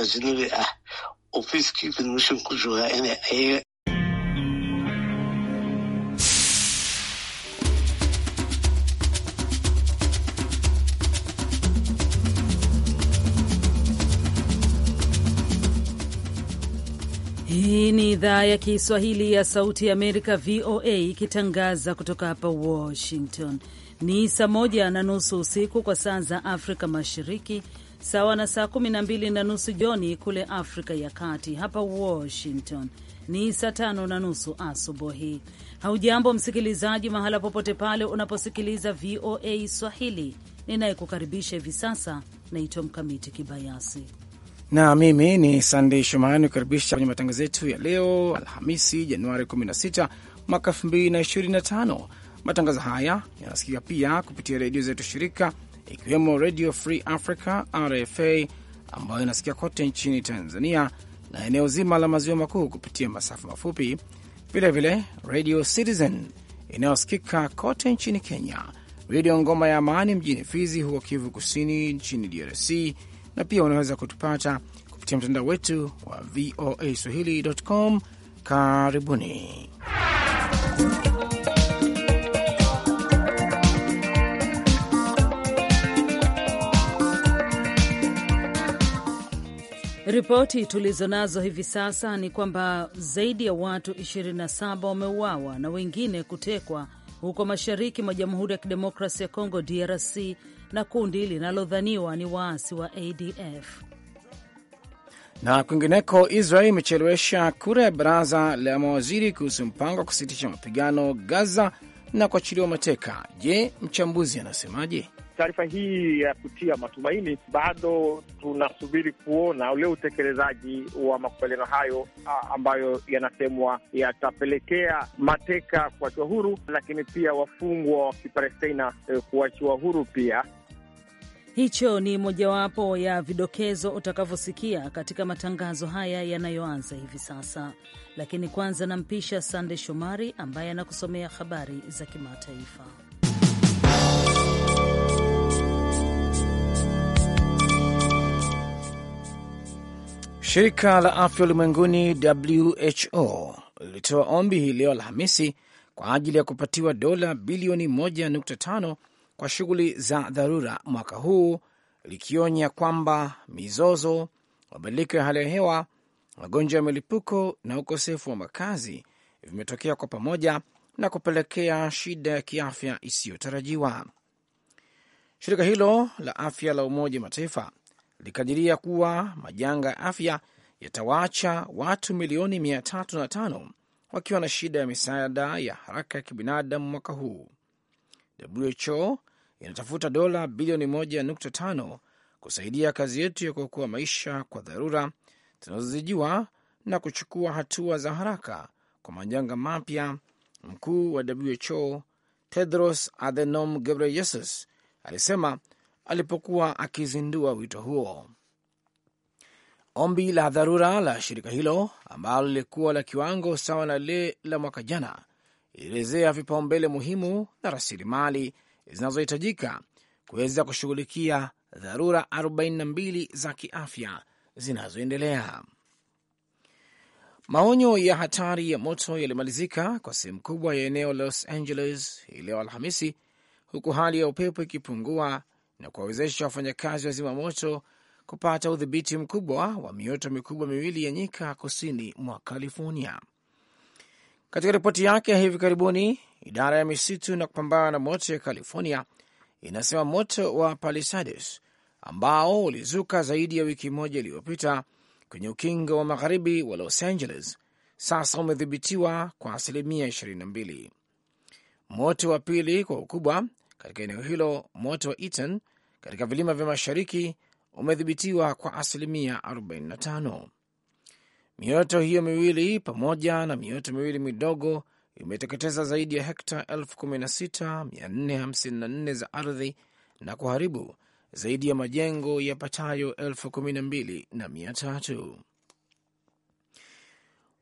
ajnabi ah ofiiskii federation ku joogaa inay ayaga Hii ni idhaa ya Kiswahili ya Sauti ya Amerika, VOA, ikitangaza kutoka hapa Washington. Ni saa moja na nusu usiku kwa saa za Afrika Mashariki, sawa na saa kumi na mbili na nusu jioni kule Afrika ya Kati. Hapa Washington ni saa tano na nusu asubuhi. Haujambo msikilizaji, mahala popote pale unaposikiliza VOA Swahili. Ninayekukaribisha hivi sasa naitwa Mkamiti Kibayasi na mimi ni Sandey Shumani, kukaribisha kwenye matangazo yetu ya leo Alhamisi, Januari 16 mwaka 2025. Matangazo haya yanasikika pia kupitia redio zetu shirika ikiwemo Radio Free Africa RFA ambayo inasikia kote nchini Tanzania na eneo zima la maziwa makuu kupitia masafa mafupi, vilevile Radio Citizen inayosikika kote nchini Kenya, Redio Ngoma ya Amani mjini Fizi huko Kivu Kusini nchini DRC, na pia unaweza kutupata kupitia mtandao wetu wa VOA Swahili.com. Karibuni Ripoti tulizonazo hivi sasa ni kwamba zaidi ya watu 27 wameuawa na wengine kutekwa huko mashariki mwa Jamhuri ya Kidemokrasia ya Kongo DRC na kundi linalodhaniwa ni waasi wa ADF. Na kwingineko, Israel imechelewesha kura ya baraza la mawaziri kuhusu mpango wa kusitisha mapigano Gaza na kuachiliwa mateka. Je, mchambuzi anasemaje? Taarifa hii ya kutia matumaini, bado tunasubiri kuona ule utekelezaji wa makubaliano hayo ambayo yanasemwa yatapelekea mateka kuachiwa huru, lakini pia wafungwa wa Kipalestina e, kuachiwa huru pia. Hicho ni mojawapo ya vidokezo utakavyosikia katika matangazo haya yanayoanza hivi sasa, lakini kwanza nampisha Sande Shomari ambaye anakusomea habari za kimataifa. Shirika la afya ulimwenguni WHO lilitoa ombi hii leo Alhamisi kwa ajili ya kupatiwa dola bilioni 1.5 kwa shughuli za dharura mwaka huu, likionya kwamba mizozo, mabadiliko ya hali ya hewa, magonjwa ya milipuko na ukosefu wa makazi vimetokea kwa pamoja na kupelekea shida ya kiafya isiyotarajiwa. Shirika hilo la afya la Umoja Mataifa likadiria kuwa majanga ya afya yatawaacha watu milioni mia wakiwa na shida ya misaada ya haraka ya kibinadamu mwaka huu. WHO inatafuta dola bilioni 1.5 kusaidia kazi yetu ya kuokoa maisha kwa dharura tunazozijiwa na kuchukua hatua za haraka kwa majanga mapya. Mkuu wa WHO Tedros Adhanom Ghebreyesus alisema alipokuwa akizindua wito huo. Ombi la dharura la shirika hilo ambalo lilikuwa la kiwango sawa na lile la mwaka jana ilielezea vipaumbele muhimu na rasilimali zinazohitajika kuweza kushughulikia dharura 42 za kiafya zinazoendelea. Maonyo ya hatari ya moto yalimalizika kwa sehemu kubwa ya eneo Los Angeles hii leo Alhamisi, huku hali ya upepo ikipungua na kuwawezesha wafanyakazi wa zimamoto kupata udhibiti mkubwa wa mioto mikubwa miwili ya nyika kusini mwa California. Katika ripoti yake ya hivi karibuni, idara ya misitu na kupambana na moto ya California inasema moto wa Palisades ambao ulizuka zaidi ya wiki moja iliyopita kwenye ukingo wa magharibi wa Los Angeles sasa umedhibitiwa kwa asilimia 22. Moto wa pili kwa ukubwa katika eneo hilo moto wa itan katika vilima vya mashariki umedhibitiwa kwa asilimia 45. Mioto hiyo miwili pamoja na mioto miwili midogo imeteketeza zaidi ya hekta 16454 za ardhi na kuharibu zaidi ya majengo yapatayo 12300.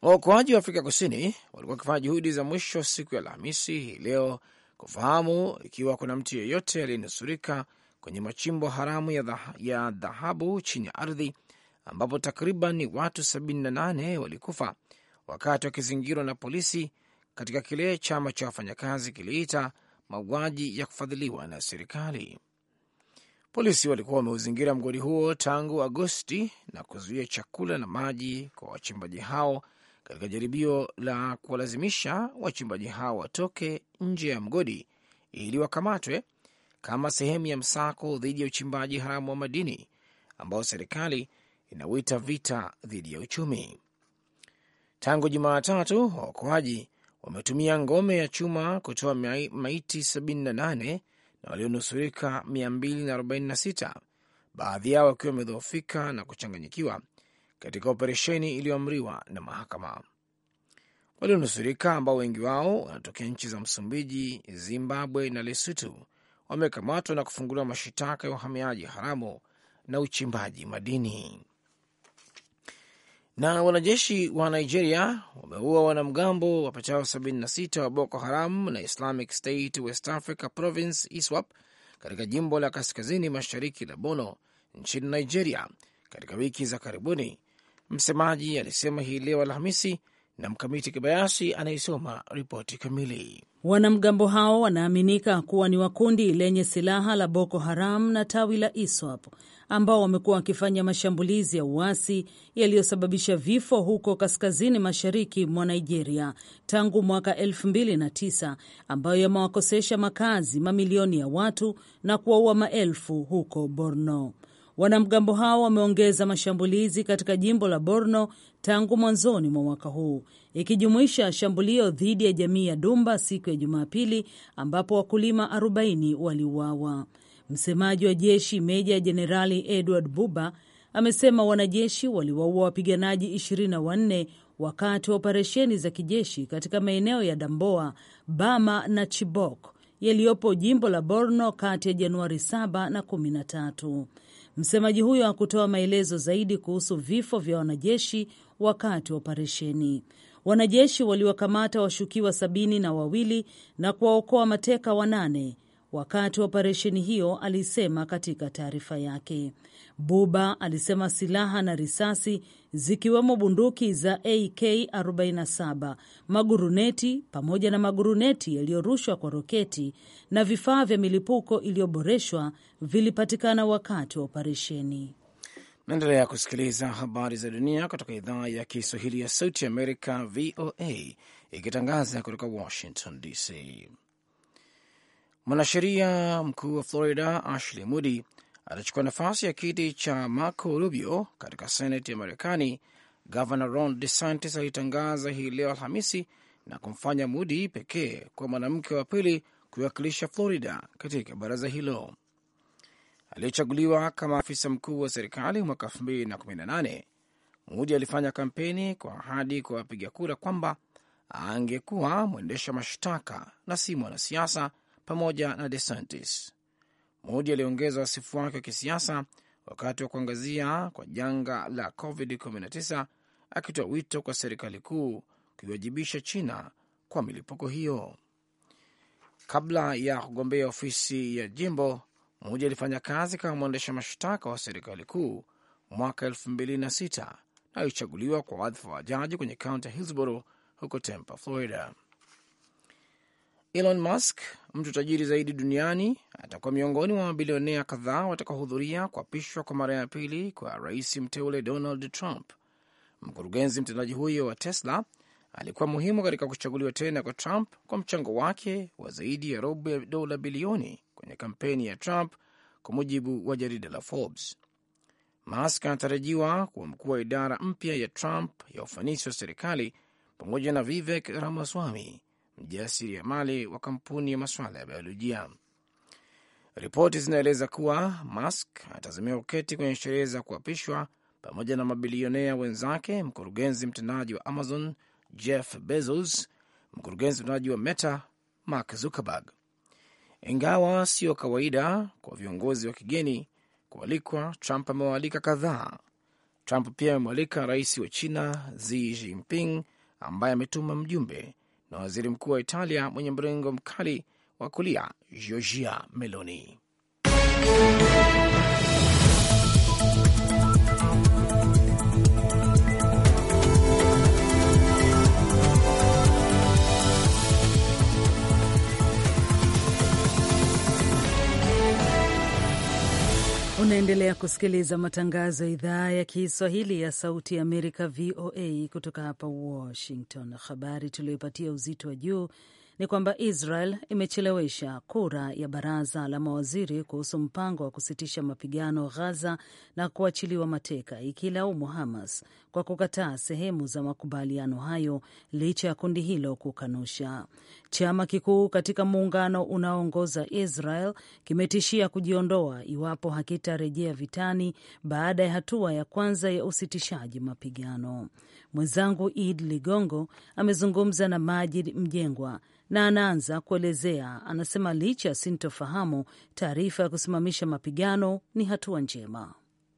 Waokoaji wa Afrika Kusini walikuwa wakifanya juhudi za mwisho siku ya Alhamisi hii leo kufahamu ikiwa kuna mtu yeyote aliyenusurika kwenye machimbo haramu ya dhahabu chini ya ardhi ambapo takriban watu 78 walikufa wakati wakizingirwa na polisi katika kile chama cha wafanyakazi kiliita mauaji ya kufadhiliwa na serikali. Polisi walikuwa wameuzingira mgodi huo tangu Agosti na kuzuia chakula na maji kwa wachimbaji hao katika jaribio la kuwalazimisha wachimbaji hao watoke nje ya mgodi ili wakamatwe kama sehemu ya msako dhidi ya uchimbaji haramu wa madini ambao serikali inawita vita dhidi ya uchumi. Tangu Jumatatu, waokoaji wametumia ngome ya chuma kutoa maiti 78 na walionusurika 246, baadhi yao wakiwa wamedhoofika na kuchanganyikiwa katika operesheni iliyoamriwa na mahakama. Walionusurika ambao wengi wao wanatokea nchi za Msumbiji, Zimbabwe na lesutu wamekamatwa na kufunguliwa mashitaka ya uhamiaji haramu na uchimbaji madini. Na wanajeshi wa Nigeria wameua wanamgambo wapatao 76 wa Boko Haram na Islamic State West Africa Province ISWAP katika jimbo la kaskazini mashariki la Bono nchini Nigeria katika wiki za karibuni, Msemaji alisema hii leo Alhamisi na Mkamiti Kibayasi anayesoma ripoti kamili. Wanamgambo hao wanaaminika kuwa ni wakundi lenye silaha la Boko Haram na tawi la ISWAP ambao wamekuwa wakifanya mashambulizi ya uasi yaliyosababisha vifo huko kaskazini mashariki mwa Nigeria tangu mwaka 2009 ambayo yamewakosesha makazi mamilioni ya watu na kuwaua maelfu huko Borno. Wanamgambo hao wameongeza mashambulizi katika jimbo la Borno tangu mwanzoni mwa mwaka huu, ikijumuisha shambulio dhidi ya jamii ya Dumba siku ya Jumapili ambapo wakulima 40 waliuawa. Msemaji wa jeshi Meja Jenerali Edward Buba amesema wanajeshi waliwaua wapiganaji 24 wakati wa operesheni za kijeshi katika maeneo ya Damboa, Bama na Chibok yaliyopo jimbo la Borno kati ya Januari 7 na 13. Msemaji huyo hakutoa maelezo zaidi kuhusu vifo vya wanajeshi wakati wa operesheni. Wanajeshi waliwakamata washukiwa sabini na wawili na kuwaokoa mateka wanane wakati wa operesheni hiyo, alisema katika taarifa yake. Buba alisema silaha na risasi zikiwemo bunduki za AK47, maguruneti pamoja na maguruneti yaliyorushwa kwa roketi na vifaa vya milipuko iliyoboreshwa vilipatikana wakati wa operesheni. Naendelea kusikiliza habari za dunia kutoka idhaa ya Kiswahili ya Sauti Amerika, VOA, ikitangaza kutoka Washington DC. Mwanasheria mkuu wa Florida Ashley Moody atachukua nafasi ya kiti cha Marco Rubio katika Senati ya Marekani. Gavana Ron De alitangaza hii leo Alhamisi na kumfanya Mudi pekee kuwa mwanamke wa pili kuiwakilisha Florida katika baraza hilo. Aliyechaguliwa kama afisa mkuu wa serikali mwaka 2018, Mudi alifanya kampeni kwa ahadi kwa wapiga kura kwamba angekuwa mwendesha mashtaka na si mwanasiasa, pamoja na DeSantis. Modi aliongeza wasifu wake wa kisiasa wakati wa kuangazia kwa janga la COVID-19, akitoa wito kwa serikali kuu kuiwajibisha China kwa milipuko hiyo. Kabla ya kugombea ofisi ya jimbo, Modi alifanya kazi kama mwendesha mashtaka wa serikali kuu mwaka 2006 na alichaguliwa kwa wadhifa wa jaji kwenye kaunti ya Hillsborough huko Tampa, Florida. Elon Musk, mtu tajiri zaidi duniani, atakuwa miongoni mwa mabilionea kadhaa watakaohudhuria kuapishwa kwa mara ya pili kwa rais mteule Donald Trump. Mkurugenzi mtendaji huyo wa Tesla alikuwa muhimu katika kuchaguliwa tena kwa Trump kwa mchango wake wa zaidi ya robo ya dola bilioni kwenye kampeni ya Trump, kwa mujibu wa jarida la Forbes. Musk anatarajiwa kuwa mkuu wa idara mpya ya Trump ya ufanisi wa serikali pamoja na Vivek Ramaswamy mjasiriamali wa kampuni ya masuala ya biolojia. Ripoti zinaeleza kuwa Musk atazamia kuketi kwenye sherehe za kuapishwa pamoja na mabilionea wenzake, mkurugenzi mtendaji wa Amazon Jeff Bezos, mkurugenzi mtendaji wa Meta Mark Zuckerberg. Ingawa sio kawaida kwa viongozi wa kigeni kualikwa, Trump amewaalika kadhaa. Trump pia amemwalika rais wa China Xi Jinping ambaye ametuma mjumbe na waziri mkuu wa Italia mwenye mrengo mkali wa kulia Giorgia Meloni. Unaendelea kusikiliza matangazo ya idhaa ya Kiswahili ya Sauti ya Amerika, VOA, kutoka hapa Washington. Habari tuliyopatia uzito wa juu ni kwamba Israel imechelewesha kura ya baraza la mawaziri kuhusu mpango wa kusitisha mapigano ghaza na kuachiliwa mateka, ikilaumu Hamas kwa kukataa sehemu za makubaliano hayo licha ya kundi hilo kukanusha. Chama kikuu katika muungano unaoongoza Israel kimetishia kujiondoa iwapo hakitarejea vitani baada ya hatua ya kwanza ya usitishaji mapigano. Mwenzangu Id Ligongo amezungumza na Majid Mjengwa na anaanza kuelezea. Anasema licha ya sintofahamu, taarifa ya kusimamisha mapigano ni hatua njema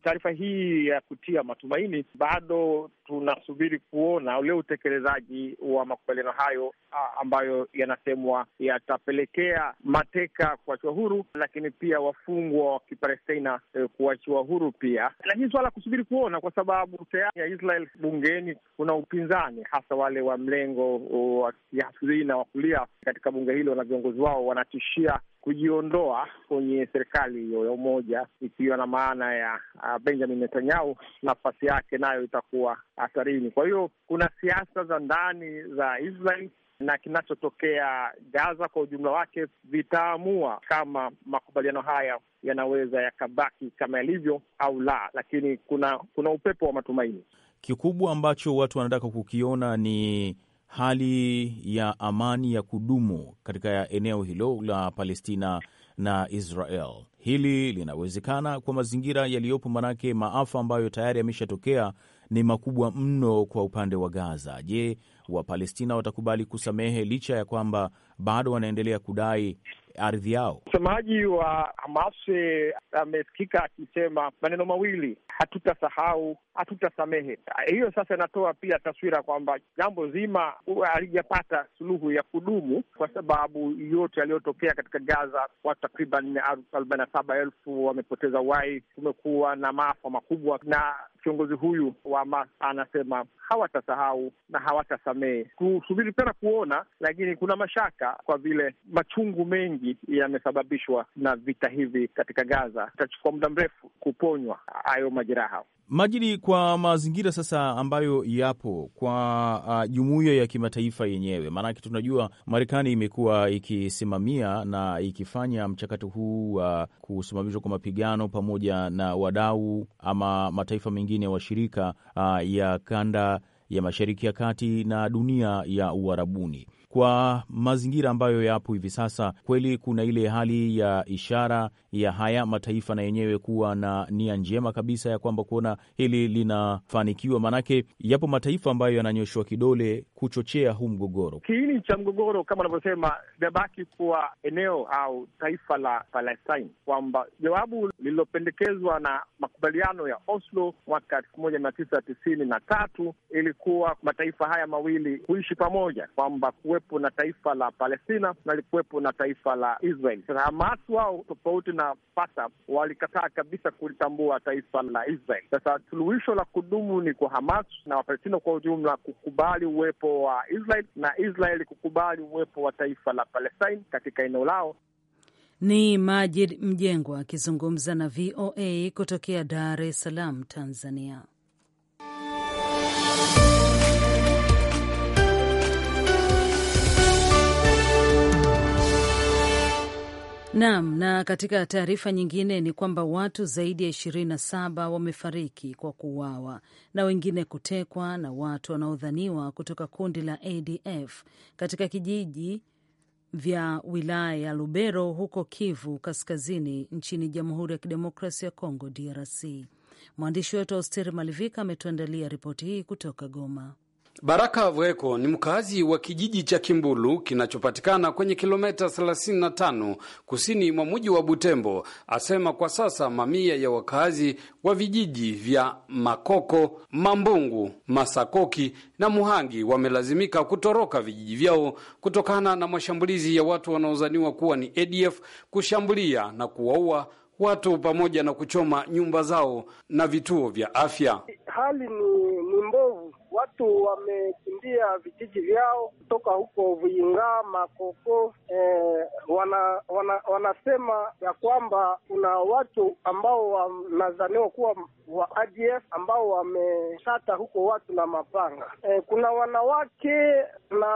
taarifa hii ya kutia matumaini, bado tunasubiri kuona ule utekelezaji wa makubaliano hayo ambayo yanasemwa yatapelekea mateka kuachiwa huru, lakini pia wafungwa wa Kipalestina eh, kuachiwa huru pia. Lakini suala la kusubiri kuona, kwa sababu tayari ya Israel bungeni kuna upinzani, hasa wale wa mlengo wa kihafidhina wa kulia katika bunge hilo na viongozi wao wanatishia kujiondoa kwenye serikali hiyo ya umoja, ikiwa na maana ya ah, Benjamin Netanyahu, nafasi yake nayo itakuwa hatarini. Kwa hiyo kuna siasa za ndani za Israel na kinachotokea Gaza kwa ujumla wake vitaamua kama makubaliano haya yanaweza yakabaki kama yalivyo au la, lakini kuna kuna upepo wa matumaini. Kikubwa ambacho watu wanataka kukiona ni hali ya amani ya kudumu katika eneo hilo la Palestina na Israel. Hili linawezekana kwa mazingira yaliyopo, manake maafa ambayo tayari yameshatokea ni makubwa mno kwa upande wa Gaza. Je, Wapalestina watakubali kusamehe licha ya kwamba bado wanaendelea kudai ardhi yao. Msemaji wa Hamas eh, amesikika akisema maneno mawili, hatutasahau, hatutasamehe. Hiyo sasa inatoa pia taswira kwamba jambo zima halijapata suluhu ya kudumu, kwa sababu yote yaliyotokea katika Gaza, watu takriban arobaini na saba elfu wamepoteza uhai, kumekuwa na maafa makubwa na kiongozi huyu Wama anasema hawatasahau na hawatasamehe. kusubiri tena kuona, lakini kuna mashaka kwa vile machungu mengi yamesababishwa na vita hivi katika Gaza. Itachukua muda mrefu kuponywa hayo majeraha. Majidi, kwa mazingira sasa ambayo yapo kwa uh, jumuiya uh, ya kimataifa yenyewe, maanake tunajua Marekani imekuwa ikisimamia na ikifanya mchakato huu wa uh, kusimamishwa kwa mapigano pamoja na wadau ama mataifa mengine washirika uh, ya kanda ya Mashariki ya Kati na dunia ya Uarabuni kwa mazingira ambayo yapo hivi sasa, kweli kuna ile hali ya ishara ya haya mataifa na yenyewe kuwa na nia njema kabisa ya kwamba kuona hili linafanikiwa, maanake yapo mataifa ambayo yananyoshwa kidole kuchochea huu mgogoro. Kiini cha mgogoro kama anavyosema inabaki kuwa eneo au taifa la Palestine, kwamba jawabu lililopendekezwa na makubaliano ya Oslo mwaka elfu moja mia tisa tisini na tatu ilikuwa mataifa haya mawili kuishi pamoja, kwamba kuwepo na taifa la Palestina na likuwepo na taifa la Israel. Sasa Hamas wao tofauti na Fata walikataa kabisa kulitambua taifa la Israel. Sasa suluhisho la kudumu ni kwa Hamas na Wapalestina kwa ujumla kukubali uwepo wa Israel na Israel kukubali uwepo wa taifa la Palestine katika eneo lao. Ni Majid Mjengwa akizungumza na VOA kutokea Dar es Salaam, Tanzania. Naam, na katika taarifa nyingine ni kwamba watu zaidi ya saba wamefariki kwa kuuawa na wengine kutekwa na watu wanaodhaniwa kutoka kundi la ADF katika kijiji vya wilaya ya Lubero huko Kivu Kaskazini nchini Jamhuri ya Kidemokrasia ya Kongo DRC. Mwandishi wetu Austeri Malivika ametuandalia ripoti hii kutoka Goma. Baraka Vweko ni mkazi wa kijiji cha Kimbulu kinachopatikana kwenye kilometa 35 kusini mwa mji wa Butembo. Asema kwa sasa mamia ya wakazi wa vijiji vya Makoko, Mambungu, Masakoki na Muhangi wamelazimika kutoroka vijiji vyao kutokana na mashambulizi ya watu wanaozaniwa kuwa ni ADF kushambulia na kuwaua watu pamoja na kuchoma nyumba zao na vituo vya afya. Hali ni, ni mbovu. Watu wamekimbia vijiji vyao kutoka huko Vuinga Makoko. Eh, wana, wana, wanasema ya kwamba kuna watu ambao wanazaniwa kuwa wa ADF ambao wameshata huko watu na mapanga. Eh, kuna wanawake na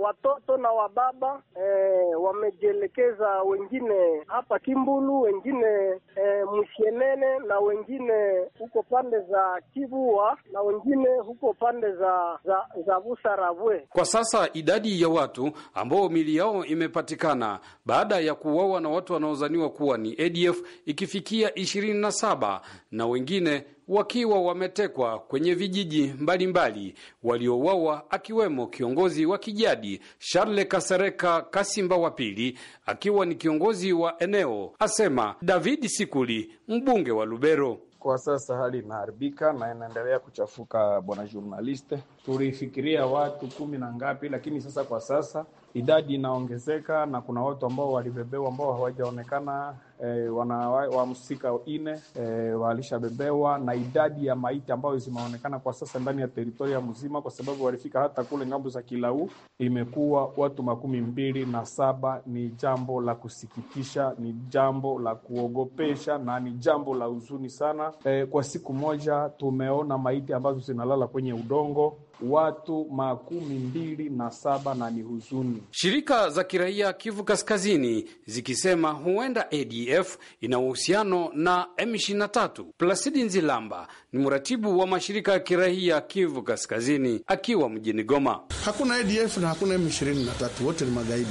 watoto na wababa eh, wamejielekeza wengine hapa Kimbulu, wengine e, eh, eh, Mwisienene na wengine huko pande za Kibua na wengine huko pande za za, za Busarabwe. Kwa sasa idadi ya watu ambao mili yao imepatikana baada ya kuuawa na watu wanaozaniwa kuwa ni ADF ikifikia ishirini na saba na wengine wakiwa wametekwa kwenye vijiji mbalimbali, waliouawa akiwemo kiongozi wa kijadi Charles Kasereka Kasimba wa pili, akiwa ni kiongozi wa eneo, asema David Sikuli, mbunge wa Lubero. Kwa sasa hali inaharibika na inaendelea kuchafuka, bwana journaliste. Tulifikiria watu kumi na ngapi, lakini sasa kwa sasa idadi inaongezeka na kuna watu ambao walibebewa ambao hawajaonekana e, eh, wahusika ine e, eh, walishabebewa na idadi ya maiti ambayo zimeonekana kwa sasa ndani ya teritoria mzima, kwa sababu walifika hata kule ngambo za Kilau, imekuwa watu makumi mbili na saba. Ni jambo la kusikitisha, ni jambo la kuogopesha na ni jambo la huzuni sana. E, kwa siku moja tumeona maiti ambazo zinalala kwenye udongo watu makumi mbili na saba na ni huzuni. Shirika za kiraia Kivu Kaskazini zikisema huenda ADF ina uhusiano na M23. Plasidi Nzilamba ni mratibu wa mashirika ya kiraia Kivu Kaskazini akiwa mjini Goma. Hakuna ADF na hakuna M23, wote ni magaidi.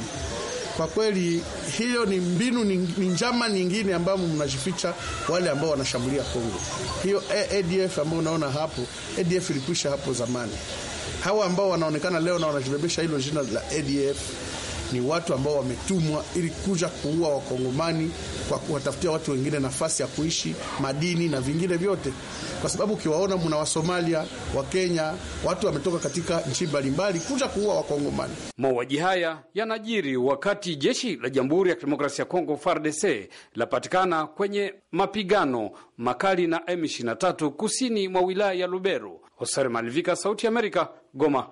Kwa kweli hiyo ni mbinu, ni njama nyingine ambayo mnajificha wale ambao wanashambulia Kongo. Hiyo ADF ambayo unaona hapo, ADF ilikwisha hapo zamani. Hawa ambao wanaonekana leo na wanajibebesha hilo jina la ADF ni watu ambao wametumwa ili kuja kuua wakongomani kwa kuwatafutia watu wengine nafasi ya kuishi, madini na vingine vyote, kwa sababu ukiwaona muna Wasomalia, Wakenya, watu wametoka katika nchi mbalimbali kuja kuua wakongomani. Mauaji haya yanajiri wakati jeshi la Jamhuri ya Kidemokrasia ya Kongo FARDC lapatikana kwenye mapigano makali na M23 kusini mwa wilaya ya Lubero. Hosare Malivika, Sauti ya Amerika, Goma.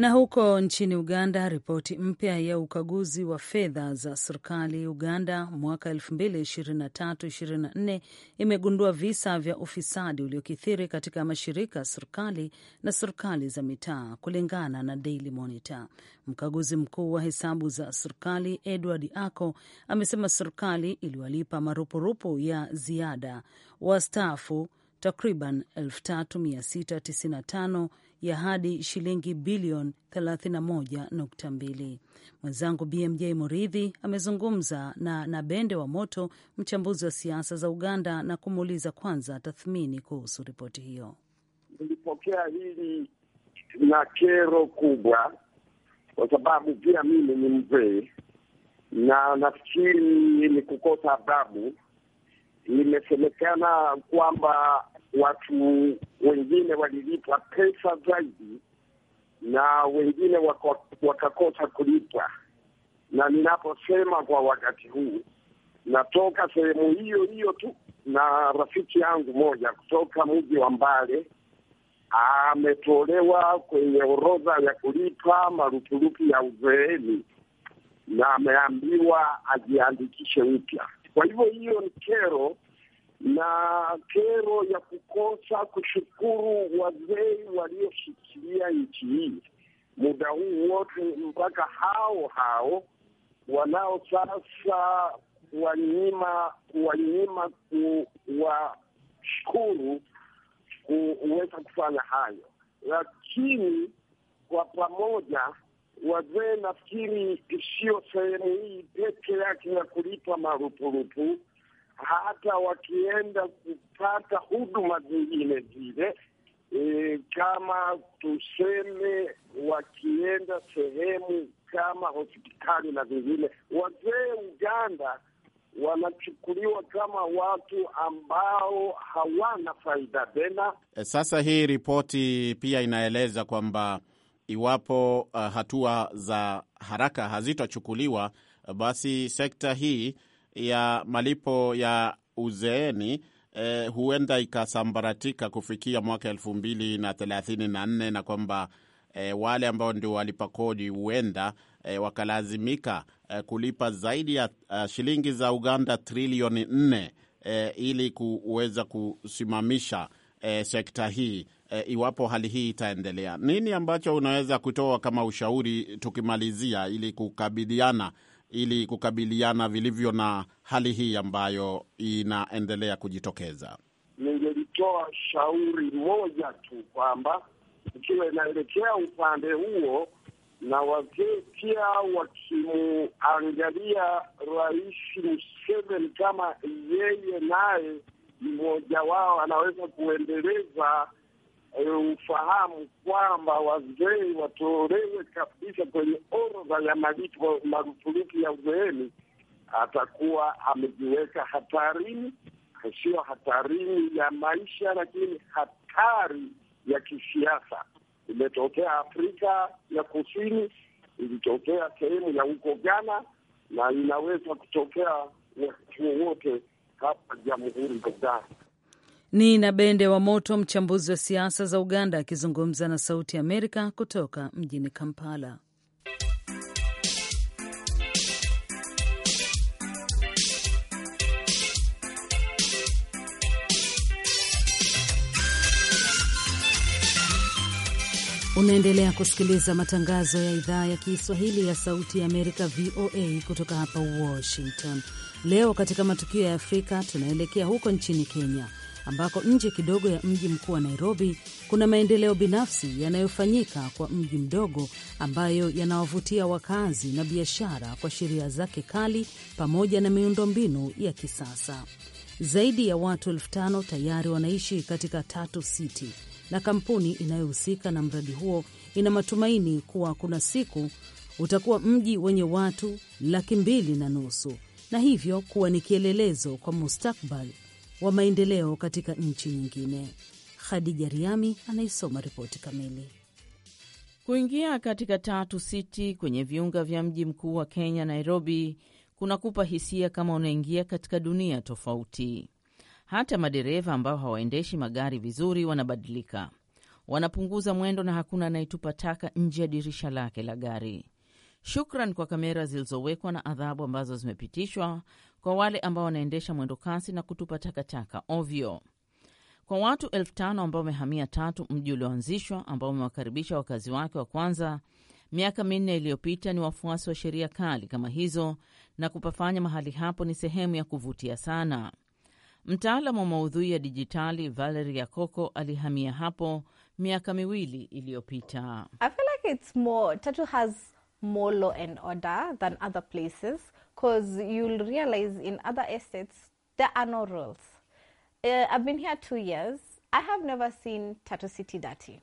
Na huko nchini Uganda, ripoti mpya ya ukaguzi wa fedha za serikali Uganda mwaka 2023/24 imegundua visa vya ufisadi uliokithiri katika mashirika ya serikali na serikali za mitaa, kulingana na Daily Monitor. Mkaguzi mkuu wa hesabu za serikali Edward Ako amesema serikali iliwalipa marupurupu ya ziada wastaafu takriban 3695 ya hadi shilingi bilioni 31.2. Mwenzangu BMJ Muridhi amezungumza na Nabende wa Moto, mchambuzi wa siasa za Uganda, na kumuuliza kwanza tathmini kuhusu ripoti hiyo. Nilipokea hili na kero kubwa, kwa sababu pia mimi ni mzee na nafikiri ni kukosa adhabu Imesemekana kwamba watu wengine walilipwa pesa zaidi na wengine wakakosa kulipwa. Na ninaposema kwa wakati huu, natoka sehemu hiyo hiyo tu, na rafiki yangu moja kutoka mji wa Mbale ametolewa kwenye orodha ya kulipa marupurupu ya uzeeni na ameambiwa ajiandikishe upya. Kwa hivyo hiyo ni kero na kero ya kukosa kushukuru wazee walioshikilia nchi hii muda huu wote, mpaka hao hao wanao sasa wanyima wanyima kuwashukuru kuweza kufanya hayo. Lakini kwa pamoja, wazee nafikiri sio sehemu hii peke yake ya kulipa marupurupu hata wakienda kupata huduma zingine zile e, kama tuseme wakienda sehemu kama hospitali na vingine, wazee Uganda wanachukuliwa kama watu ambao hawana faida tena. E, sasa hii ripoti pia inaeleza kwamba iwapo uh, hatua za haraka hazitachukuliwa, basi sekta hii ya malipo ya uzeeni eh, huenda ikasambaratika kufikia mwaka elfu mbili na thelathini na nne na kwamba eh, wale ambao ndio walipa kodi huenda eh, wakalazimika eh, kulipa zaidi ya uh, shilingi za Uganda trilioni nne eh, ili kuweza kusimamisha eh, sekta hii eh, iwapo hali hii itaendelea. Nini ambacho unaweza kutoa kama ushauri tukimalizia, ili kukabiliana ili kukabiliana vilivyo na hali hii ambayo inaendelea kujitokeza? Ningelitoa shauri moja tu kwamba ikiwa inaelekea upande huo na wazee pia wakimuangalia Rais Museveni kama yeye naye ni mmoja wao, anaweza kuendeleza Eh, ufahamu kwamba wazee watolewe kabisa kwenye orodha ya marufuruki ya uzeeni, atakuwa amejiweka hatarini, sio hatarini ya maisha, lakini hatari ya kisiasa. Imetokea Afrika ya Kusini, ilitokea sehemu ya huko Ghana na inaweza kutokea wakati wowote hapa Jamhuri ya Uganda. Ni na Bende wa Moto, mchambuzi wa siasa za Uganda, akizungumza na Sauti Amerika kutoka mjini Kampala. Unaendelea kusikiliza matangazo ya idhaa ya Kiswahili ya Sauti ya Amerika, VOA, kutoka hapa Washington. Leo katika matukio ya Afrika tunaelekea huko nchini Kenya ambako nje kidogo ya mji mkuu wa Nairobi kuna maendeleo binafsi yanayofanyika kwa mji mdogo ambayo yanawavutia wakazi na biashara kwa sheria zake kali pamoja na miundombinu ya kisasa. Zaidi ya watu elfu tano tayari wanaishi katika Tatu City na kampuni inayohusika na mradi huo ina matumaini kuwa kuna siku utakuwa mji wenye watu laki mbili na nusu na hivyo kuwa ni kielelezo kwa mustakbal wa maendeleo katika nchi nyingine. Khadija Riami anaisoma ripoti kamili. Kuingia katika Tatu City kwenye viunga vya mji mkuu wa Kenya, Nairobi, kunakupa hisia kama unaingia katika dunia tofauti. Hata madereva ambao hawaendeshi magari vizuri wanabadilika, wanapunguza mwendo na hakuna anayetupa taka nje ya dirisha lake la gari shukran kwa kamera zilizowekwa na adhabu ambazo zimepitishwa kwa wale ambao wanaendesha mwendo kasi na kutupa takataka ovyo. Kwa watu elfu tano ambao wamehamia Tatu, mji ulioanzishwa ambao umewakaribisha wakazi wake wa kwanza miaka minne iliyopita, ni wafuasi wa sheria kali kama hizo na kupafanya mahali hapo ni sehemu ya kuvutia sana. Mtaalamu wa maudhui ya dijitali Valerie Yakoko alihamia hapo miaka miwili iliyopita. like Tatu has more law and order than other places because you'll realize in other estates there are no rules. Uh, I've been here two years. I have never seen Tatu City dirty.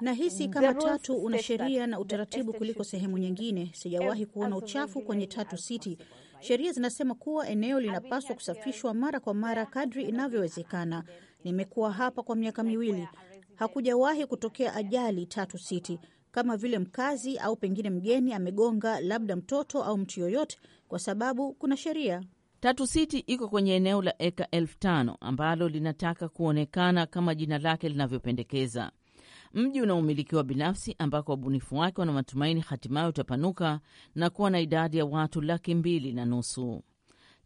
Na hisi kama Tatu una sheria na utaratibu kuliko sehemu nyingine. Sijawahi kuona uchafu kwenye Tatu City. Sheria zinasema kuwa eneo linapaswa kusafishwa mara kwa mara kadri inavyowezekana. Nimekuwa hapa kwa miaka miwili, hakujawahi kutokea ajali Tatu City kama vile mkazi au pengine mgeni amegonga labda mtoto au mtu yoyote, kwa sababu kuna sheria. Tatu City iko kwenye eneo la eka elfu tano ambalo linataka kuonekana kama jina lake linavyopendekeza. Mji unaomilikiwa binafsi ambako wabunifu wake wana matumaini hatimaye utapanuka na kuwa na idadi ya watu laki mbili na nusu.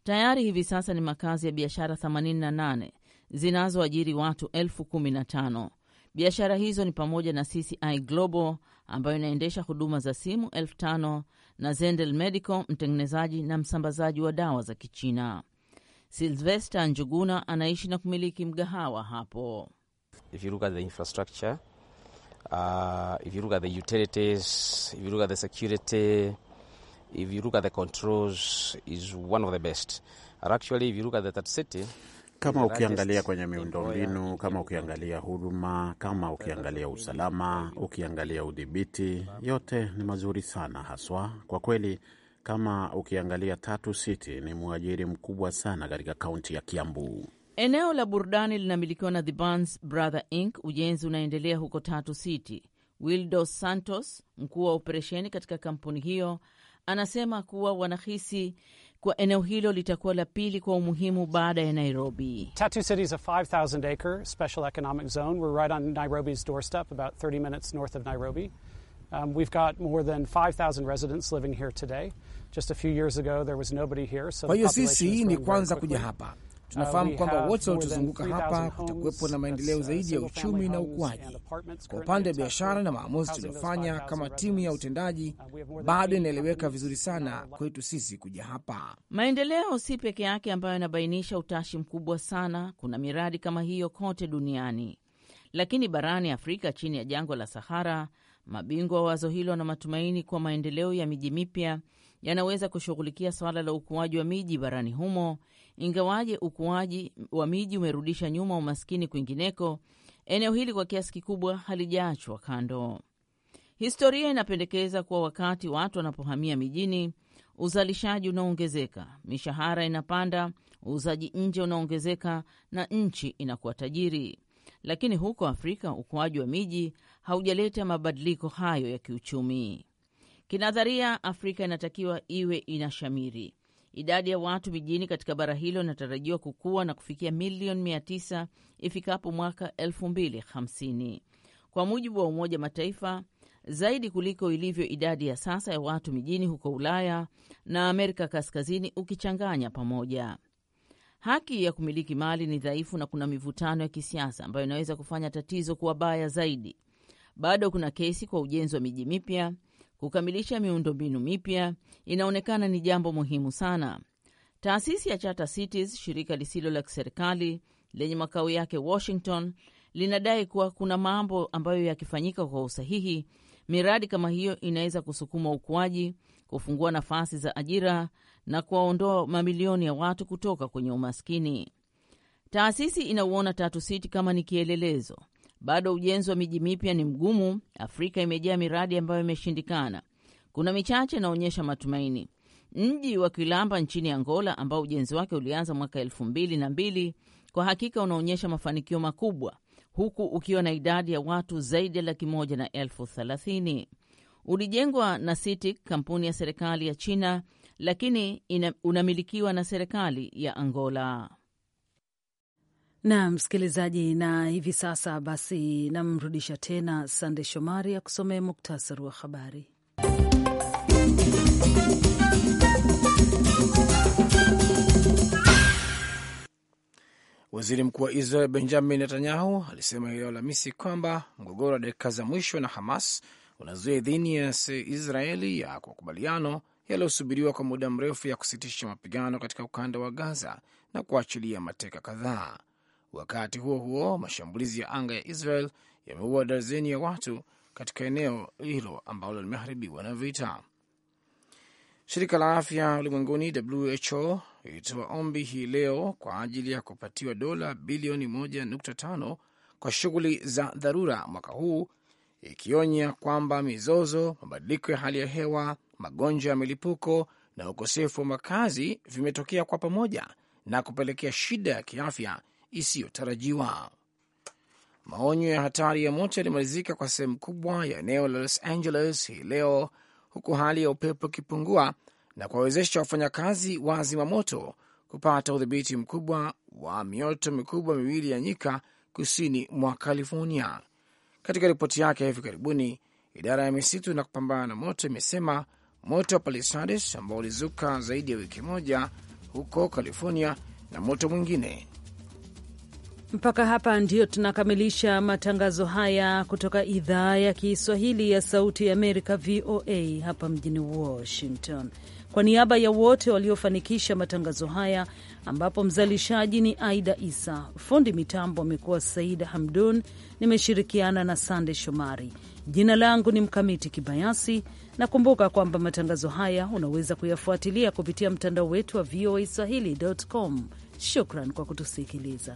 Tayari hivi sasa ni makazi ya biashara 88 zinazoajiri watu elfu kumi na tano. Biashara hizo ni pamoja na CCI Global ambayo inaendesha huduma za simu elfu tano na Zendel Medical, mtengenezaji na msambazaji wa dawa za Kichina. Silvester Njuguna anaishi na kumiliki mgahawa hapo. If you look at the infrastructure, uh, if you look at the utilities, if you look at the security, if you look at the controls, is one of the best. Actually, if you look at city kama ukiangalia kwenye miundombinu, kama ukiangalia huduma, kama ukiangalia usalama, ukiangalia udhibiti, yote ni mazuri sana haswa kwa kweli. Kama ukiangalia Tatu City ni mwajiri mkubwa sana katika kaunti ya Kiambu. Eneo la burudani linamilikiwa na The Barnes Brother Inc. Ujenzi unaendelea huko Tatu City. Wildo Santos, mkuu wa operesheni katika kampuni hiyo, anasema kuwa wanahisi kwa eneo hilo litakuwa la pili kwa umuhimu baada ya Nairobi. Tattoo City is a 5000 acre special economic zone. We're right on Nairobi's doorstep about 30 minutes north of Nairobi. Um, we've got more than 5000 residents living here today. Just a few years ago there was nobody here, so kwa hiyo sisi ni kwanza kuja hapa Tunafahamu uh, kwamba wote waliotuzunguka hapa kutakuwepo na uh, maendeleo zaidi ya uchumi na ukuaji. Kwa upande wa biashara na maamuzi tuliyofanya kama timu ya utendaji, uh, bado inaeleweka vizuri sana kwetu sisi kuja hapa. Maendeleo si peke yake ambayo yanabainisha utashi mkubwa sana, kuna miradi kama hiyo kote duniani, lakini barani Afrika chini ya jangwa la Sahara, mabingwa wa wazo hilo na matumaini kwa maendeleo ya miji mipya yanaweza kushughulikia swala la ukuaji wa miji barani humo. Ingawaje ukuaji wa miji umerudisha nyuma umaskini kwingineko, eneo hili kwa kiasi kikubwa halijaachwa kando. Historia inapendekeza kuwa wakati watu wanapohamia mijini, uzalishaji unaongezeka, mishahara inapanda, uuzaji nje unaongezeka na nchi inakuwa tajiri. Lakini huko Afrika ukuaji wa miji haujaleta mabadiliko hayo ya kiuchumi. Kinadharia, Afrika inatakiwa iwe inashamiri. Idadi ya watu mijini katika bara hilo inatarajiwa kukua na kufikia milioni 900 ifikapo mwaka 2050 kwa mujibu wa Umoja Mataifa, zaidi kuliko ilivyo idadi ya sasa ya watu mijini huko Ulaya na Amerika Kaskazini ukichanganya pamoja. Haki ya kumiliki mali ni dhaifu na kuna mivutano ya kisiasa ambayo inaweza kufanya tatizo kuwa baya zaidi. Bado kuna kesi kwa ujenzi wa miji mipya Kukamilisha miundombinu mipya inaonekana ni jambo muhimu sana. Taasisi ya Charter Cities, shirika lisilo la kiserikali lenye makao yake Washington, linadai kuwa kuna mambo ambayo yakifanyika kwa usahihi, miradi kama hiyo inaweza kusukuma ukuaji, kufungua nafasi za ajira na kuwaondoa mamilioni ya watu kutoka kwenye umaskini. Taasisi inauona Tatu City kama ni kielelezo bado ujenzi wa miji mipya ni mgumu. Afrika imejaa miradi ambayo imeshindikana. Kuna michache inaonyesha matumaini. Mji wa Kilamba nchini Angola, ambao ujenzi wake ulianza mwaka elfu mbili na mbili, kwa hakika unaonyesha mafanikio makubwa, huku ukiwa na idadi ya watu zaidi ya laki moja na elfu thelathini. Ulijengwa na CITIC, kampuni ya serikali ya China, lakini ina, unamilikiwa na serikali ya Angola na msikilizaji, na hivi sasa basi namrudisha tena Sande Shomari kusomea muktasari wa habari. Waziri mkuu wa Israel Benjamin Netanyahu alisema hiyo Alhamisi kwamba mgogoro wa dakika za mwisho na Hamas unazuia idhini ya Israeli ya kwa makubaliano yaliyosubiriwa kwa muda mrefu ya kusitisha mapigano katika ukanda wa Gaza na kuachilia mateka kadhaa. Wakati huo huo, mashambulizi ya anga ya Israel yameua darzeni ya watu katika eneo hilo ambalo limeharibiwa na vita. Shirika la afya ulimwenguni WHO ilitoa ombi hii leo kwa ajili ya kupatiwa dola bilioni 1.5 kwa shughuli za dharura mwaka huu, ikionya kwamba mizozo, mabadiliko ya hali ya hewa, magonjwa ya milipuko na ukosefu wa makazi vimetokea kwa pamoja na kupelekea shida ya kiafya isiyotarajiwa. Maonyo ya hatari ya moto yalimalizika kwa sehemu kubwa ya eneo la Los Angeles hii leo, huku hali ya upepo ikipungua na kuwawezesha wafanyakazi wa zimamoto kupata udhibiti mkubwa wa mioto mikubwa miwili ya nyika kusini mwa California. Katika ripoti yake ya hivi karibuni, idara ya misitu na kupambana na moto imesema moto wa Palisades ambao ulizuka zaidi ya wiki moja huko California na moto mwingine mpaka hapa ndio tunakamilisha matangazo haya kutoka idhaa ya Kiswahili ya Sauti ya Amerika, VOA hapa mjini Washington. Kwa niaba ya wote waliofanikisha matangazo haya, ambapo mzalishaji ni Aida Isa, fundi mitambo amekuwa Saida Hamdun, nimeshirikiana na Sande Shomari. Jina langu ni Mkamiti Kibayasi, na kumbuka kwamba matangazo haya unaweza kuyafuatilia kupitia mtandao wetu wa VOA swahili.com. Shukran kwa kutusikiliza.